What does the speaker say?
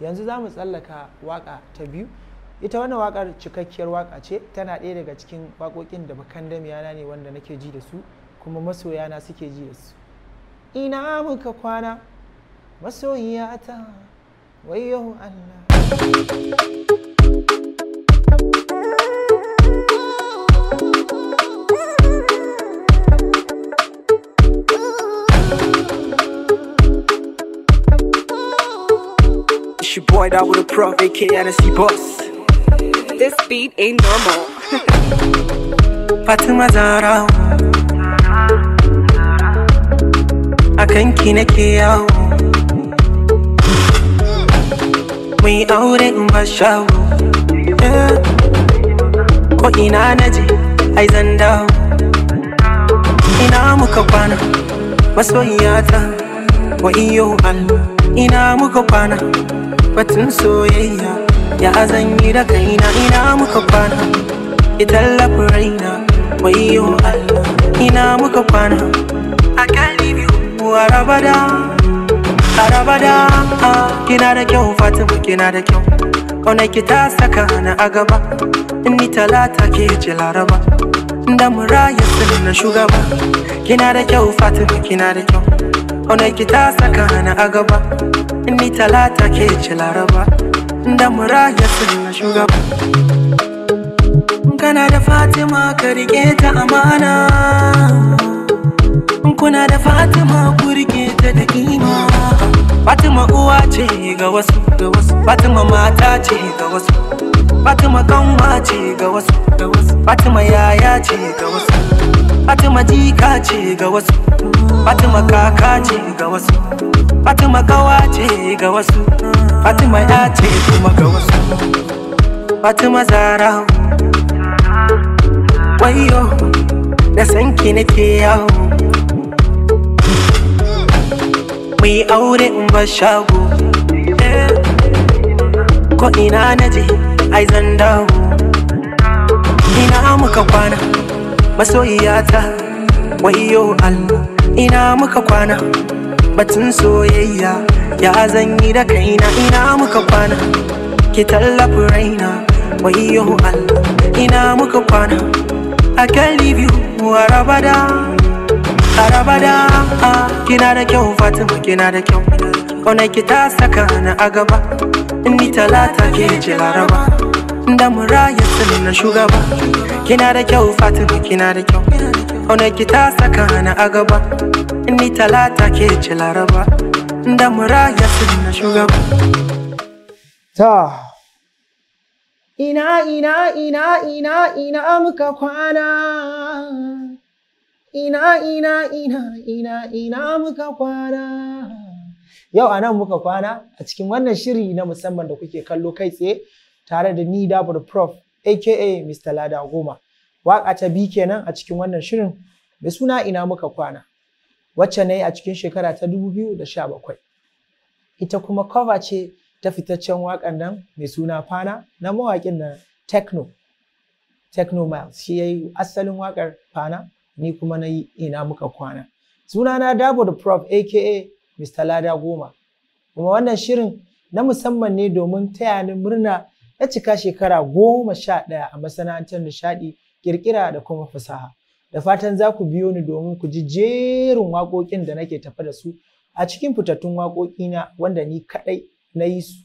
yanzu za mu tsallaka waka ta biyu ita wannan wakar cikakkiyar waka ce tana ɗaya daga cikin wakokin da bakan damiyana ne wanda nake ji da su kuma masoyana suke ji da su ina muka kwana masoyiyata wayo allah wide out with a prof, aka NSC boss. This beat ain't normal. Fatima Zara. Akan kill nake yawo. Mai aure in ba Ko ina naje, ai zanda. dawo. Ina muka kwana, ta. wa iyo Allah. Ina muka kwana, batun soyayya ya zan yi da kaina ina muka kwana idan lafin raina wayo Allah ina muka kwana a biyu. a a rabada a ah, kina da kyau fatima kina da kyau kauna ki ta saka na a gaba ni talata ke ce laraba da muraya sirri na shugaba kina da kyau fatima kina da kyau kauna ki ta saka na a gaba ni talata ke ci laraba da muraya sun na shugaba kana da fatima ka rike ta amana kuna da fatima ku rike ta da kima fatima uwa ce ga wasu ga wasu fatima mata ce ga wasu fatima kanwa ce ga wasu ga wasu fatima yaya ce ga wasu fatima jika ce ga wasu fatima kaka ce ga wasu Fatima kawa ce ga wasu Fatima ya ce kuma ga wasu Fatima zara Wayo da sanki nake yawo Mai aure in ba shago Ko ina na je ai zan dawo Ina muka kwana masoyiyata Wayo Allah ina muka kwana batun soyayya ya zanyi da kaina ina muka kwana ki tallafi raina wayo Allah ina muka kwana I can leave you arabada arabada ah, kina da kyau Fatima kina da kyau Kona ki ta saka na a gaba ni talata ke ji laraba da muraya sanin na shugaba kina da kyau Fatima kina da kyau Kona ki ta saka na a gaba ni talata ke ce laraba da muraya su na shugaba ta ina ina ina ina ina muka kwana ina ina ina ina ina muka kwana yau a nan muka kwana a cikin wannan shiri na musamman da kuke kallo kai tsaye tare da ni dabar prof aka mr lada goma waka ta bi kenan a cikin wannan shirin mai suna ina muka kwana wacce na yi a cikin shekara ta 2017 ita kuma cover ce ta fitaccen waƙan nan mai suna fana na mawaƙin na techno techno miles shi ya yi asalin wakar fana ni kuma na yi ina muka kwana Suna na dabo da prof aka mr lada goma kuma wannan shirin na musamman ne domin taya ni murna ya cika shekara goma sha ɗaya a masana'antar nishaɗi kirkira da kuma fasaha da fatan za ku biyo ni domin ku ji jerin waƙoƙin da nake tafa da su a cikin fitattun waƙoƙina wanda ni kaɗai na yi su.